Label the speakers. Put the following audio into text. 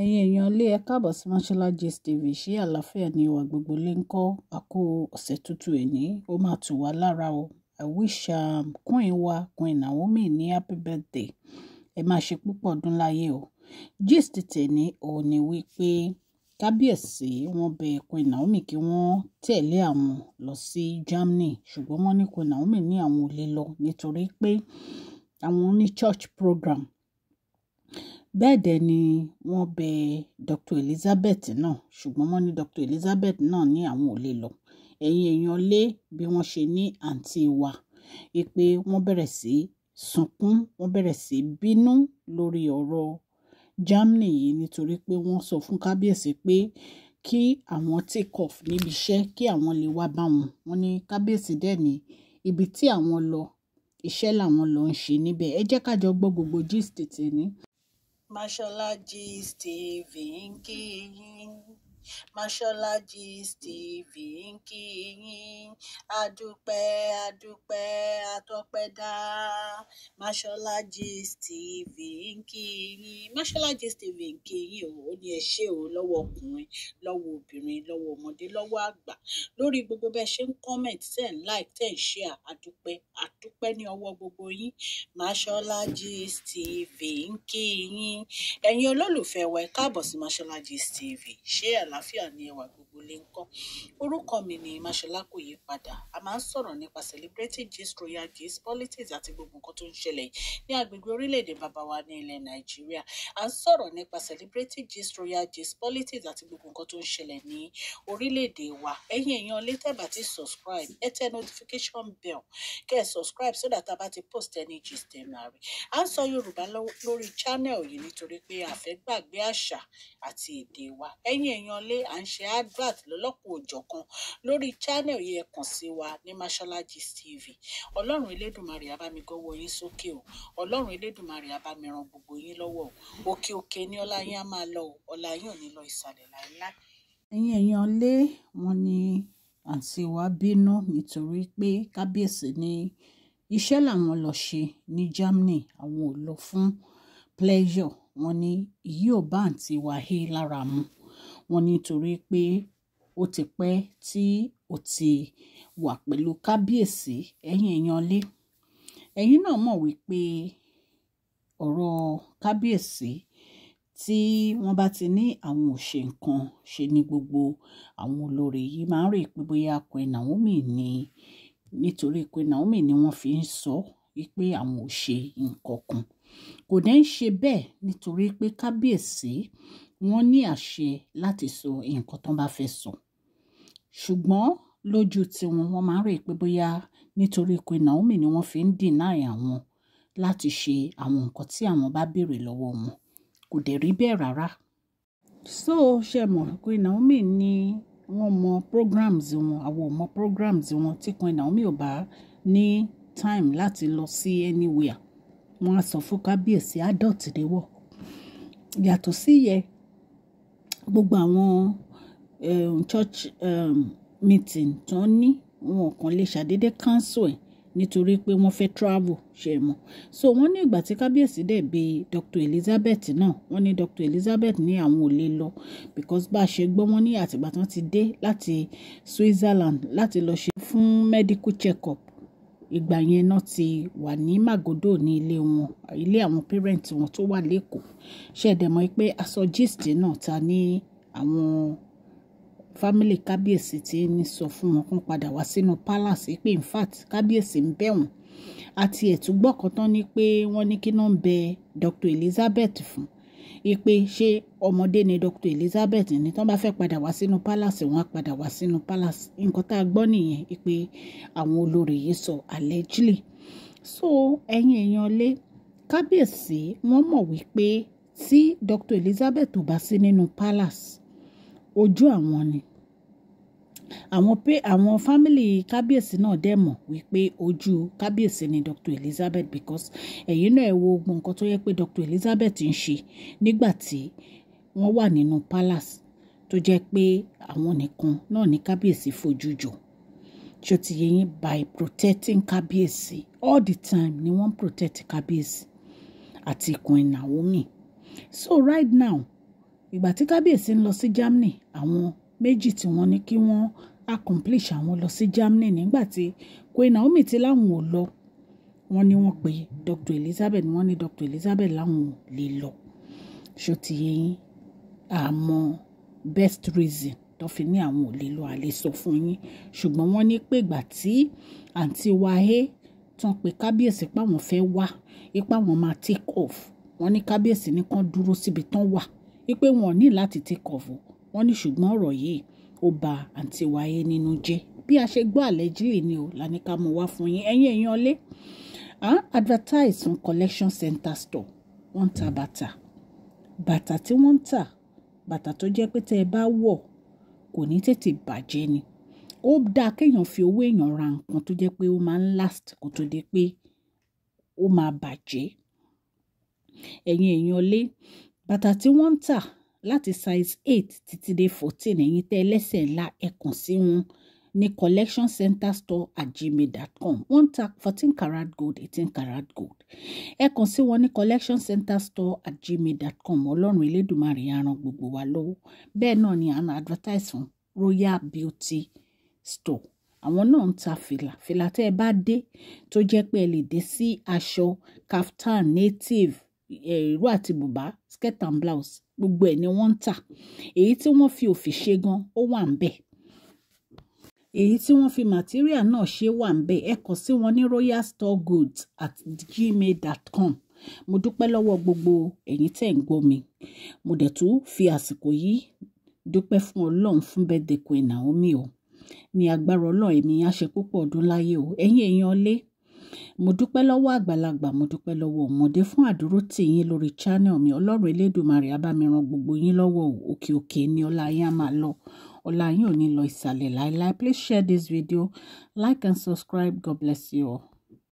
Speaker 1: ẹ̀yin èèyàn ilé ẹ káàbọ̀ sí Mashola Gist TV ṣé àlàáfíà ni ìwà gbogbo lè ń kọ́ àkó ọ̀sẹ̀ tútù ẹ̀ní ó máa tù wá lára o I wish um, queen wa queen Naomi ní happy birthday ẹ máa ṣe púpọ̀ ọdún láyé o gist tẹ̀ní òun ni wípé kábíyèsí wọ́n bẹ queen Naomi kí wọ́n tẹ̀lé àwọn lọ sí Germany ṣùgbọ́n wọ́n ní queen Naomi ní àwọn ò lè lọ nítorí pé àwọn ní church program bẹ́ẹ̀ dẹ̀ ni wọ́n bẹ Dr Elizabeth náà ṣùgbọ́n wọ́n ní Dr Elizabeth náà ní àwọn ò lè lọ ẹ̀yin èèyàn lé bí wọ́n ṣe ní àǹtí wa pé wọ́n bẹ̀rẹ̀ sí sunkún wọ́n bẹ̀rẹ̀ sí bínú lórí ọ̀rọ̀ Germany yìí nítorí pé wọ́n sọ fún kábíyèsí pé kí àwọn take off níbi iṣẹ́ kí àwọn lè wá bá wọn wọ́n ní kábíyèsí dẹ̀ ní ibi tí àwọn lọ iṣẹ́ làwọn lọ ń ṣe níbẹ̀ ẹ jẹ́ ká jọ gbọ́ gbogbo gist tèmi. Mashallah, G. Stephen King. Mashola Gist TV ń kí yín adúpẹ́ adúpẹ́ atọ́pẹ́dá Mashola Gist TV ń kí yín Mashola ń kí o ó ní ẹ ṣé o lọ́wọ́ ọkùnrin lọ́wọ́ obìnrin lọ́wọ́ ọmọdé lọ́wọ́ àgbà lórí gbogbo bẹ́ẹ̀ ṣe ń comment tẹ̀ ń like tẹ̀ ń share adúpẹ́ adúpẹ́ ní ọwọ́ gbogbo yín Mashola Gist TV ń kí yín ẹ̀yin olólùfẹ́ wa ẹ káàbọ̀ sí Mashola Gist TV àlàáfíà ni ẹwà gbogbo lè ń kọ́ orúkọ mi ni Máṣọlá kò yí padà a máa ń sọ̀rọ̀ nípa celebrity gist royal gist politics àti gbogbo nǹkan tó ń ṣẹlẹ̀ ní agbègbè orílẹ̀-èdè bàbá wa ní ilẹ̀ Nàìjíríà a ń sọ̀rọ̀ nípa celebrity gist royal gist politics àti gbogbo nǹkan tó ń ṣẹlẹ̀ ní orílẹ̀-èdè wa ẹ̀yin èèyàn lè tẹ̀bà tí subscribe ẹ tẹ notification bell kẹ́ ẹ subscribe so that a bá ti post any gist ẹ̀ máa rí à ń sọ Yorùbá lórí channel yìí nítorí pé a gbàgbé àṣà àti èdè wa ẹ̀yin èèyàn wọlé à ń ṣe advert lọ́lọ́kùn òjọ̀kan lórí channel yẹn kàn sí wa ní masholagist tv ọlọ́run elédùnmarè abamigọ́wọ́ yín sókè o ọlọ́run elédùnmarè abamiran gbogbo yín lọ́wọ́ o òkè òkè ni ọlá yín á máa lọ o ọlá yín ò ní lọ ìsàlẹ̀ láéláé. ẹ̀yin èèyàn lé wọn ni àǹtí wa bínú nítorí pé kábíyèsí ni iṣẹ́ làwọn lọ ṣe ní Germany àwọn ò lọ fún pleasure wọn ni èyí ò bá àǹtí wa hí lára mu wọ́n nítorí pé ó ti pẹ́ tí ó ti wà pẹ̀lú kábíyèsí ẹ̀yin èèyàn lé ẹ̀yin náà mọ̀ wípé ọ̀rọ̀ kábíyèsí tí wọ́n bá ti ní àwọn ò ṣe nǹkan ṣe ni gbogbo àwọn olórí yìí máa ń rè pé bóyá Queen Naomi ni nítorí Queen Naomi ni wọ́n fi ń sọ wípé àwọn ò nǹkan kan kò dẹ̀ ṣe bẹ́ẹ̀ nítorí pé kábíyèsí wọ́n ní àṣẹ láti sọ nǹkan tó bá fẹ́ sọ ṣùgbọ́n lójú tiwọn wọ́n máa ń rè pé bóyá nítorí pé Naomi ni wọ́n fi ń dìnáì àwọn láti ṣe àwọn nǹkan tí àwọn bá béèrè lọ́wọ́ wọn kò dẹ̀ rí bẹ́ẹ̀ rárá so ṣe mọ̀ pé Naomi ni wọ́n mọ programs wọn àwọn mọ programs wọn tí kan Naomi ò bá ní time láti lọ sí anywhere wọ́n á sọ fún kábíyèsí adult ni wọ́n yàtọ̀ sí yẹn gbogbo àwọn um, church um, meeting tó ń ní wọn kàn lè ṣàdédé cancel ẹ̀ nítorí pé wọ́n fẹ́ travel ṣe mọ̀ so wọ́n ní ìgbà tí kábíyèsí dẹ̀ bi Dr Elizabeth náà wọ́n ní Dr Elizabeth ní àwọn ò lè lọ because bá a ṣe gbọ́ wọ́n ní àtìgbà tán ti dé láti Switzerland láti lọ ṣe fún medical check-up ìgbà yẹn náà ti wà ní màgòdò ní ilé wọn ilé àwọn parent wọn tó wà lẹ́kọ̀ọ́ ṣẹ̀dẹ̀ mọ́ pé aṣọ gist náà ta ní àwọn family kábíyèsí ti ń sọ fún wọn kó padà wá sínú palace pé in fact kábíyèsí ń bẹ̀ wọ́n àti ẹ̀túgbọ́ kan tán ni pé wọ́n ní kí náà ń bẹ Dr Elizabeth fún pé ṣé ọmọdé ni Dr Elizabeth ni tí wọ́n bá fẹ́ padà wá sínú palace wọ́n á padà wá sínú palace nǹkan tá a gbọ́ nìyẹn pé àwọn olórí yìí sọ allegedly so ẹ̀yin èèyàn lé kábíyèsí wọ́n mọ̀ wípé tí Dr Elizabeth ò bá sí nínú palace ojú àwọn ni àwọn pé àwọn family. kábíyèsí náà dẹ̀ mọ̀ wípé ojú kábíyèsí ni Dr. Elizabeth because ẹ̀yin náà ẹ̀ wo gbọ̀n nǹkan tó yẹ pé Dr. Elizabeth ń ṣe nígbà tí wọ́n wà nínú palace tó jẹ́ pé àwọn nìkan náà ní kábíyèsí fojú jọ ṣó ti yẹ yín by protecting kábíyèsí all the time ni wọ́n protect kábíyèsí àti Queen Naomi so right now ìgbà tí kábíyèsí ń lọ sí Germany àwọn méjì tí wọ́n ní kí wọ́n accomplish àwọn lọ sí Germany nígbà tí Queen Naomi ti láwọn ò lọ wọ́n ní wọ́n pe Dr Elizabeth wọ́n ní Dr Elizabeth láwọn ò lè lọ ṣó ti yé àmọ́ best reason tó fi ní àwọn ò lè lọ àlè sọ fún yín ṣùgbọ́n wọ́n ní pé ìgbà tí àǹtí wáhé tán pé kábíyèsí páwọn fẹ́ wá ipá wọn máa take off wọ́n ní kábíyèsí ní kán dúró síbi tán wà wípé wọn ò ní láti take off o wọ́n ní ṣùgbọ́n ọ̀rọ̀ yìí ó ba àǹtí wáyé nínú jẹ́ bí a ṣe gbọ́ àlẹ́jìlì ni o la ní ká mú wá fún yín ẹ̀yin èèyàn lé advertise fún collection center store wọ́n ń ta bàtà bàtà tí wọ́n ń tà bàtà tó jẹ́ pé tẹ́ ẹ bá wọ̀ kò ní tètè bàjẹ́ ni ó dáa kéèyàn fi owó èèyàn ra nǹkan tó jẹ́ pé ó máa ń last kó tó di pé ó máa bàjẹ́ ẹ̀yin èèyàn lé bàtà tí wọ́n ń tà láti size eight títí dé fourteen ẹ̀yin tẹ́ ẹlẹ́sẹ̀ ńlá ẹ kàn sí wọn ní collectioncenterstore@gmail.com wọ́n ń ta fourteen karat gold eighteen karat gold ẹ kàn sí wọn ní collectioncenterstore@gmail.com ọlọ́run elédùnmarè á ràn gbogbo wa lọ́wọ́ bẹ́ẹ̀ náà ni à ń advertise fún royal beauty store àwọn náà ń ta fìlà fìlà tẹ́ ẹ bá dé tó jẹ́ pé ẹ lè dé sí aṣọ kaftan native eh, irú àti bùbá skirt and blouse gbogbo ẹ̀ ni wọ́n ń tà èyí tí wọ́n fi òfin ṣe gan ó wà ń bẹ̀ èyí tí wọ́n fi màtíríà náà ṣe wà ń bẹ̀ ẹ kàn sí wọn ní royalstoregoods at gmail.com mo dúpẹ́ lọ́wọ́ gbogbo ẹ̀yin tẹ̀ ń gbọ́ mi mo dẹ̀ tún fi àsìkò yìí dúpẹ́ fún ọlọ́run fún birthday Queen Naomi o ní agbára ọlọ́run èmi á ṣe ọdún láyé o ẹ̀yin èèyàn lé mo dúpẹ́ lọ́wọ́ àgbàlagbà mo dúpẹ́ lọ́wọ́ ọmọdé fún àdúró tì yín lórí channel mi ọlọ́run elédùnmarè á bá gbogbo yín lọ́wọ́ òkè òkè ni ọlá yín á máa lọ ọlá yín ò ní lọ ìsàlẹ̀ láéláé please share this video like and subscribe god bless you all.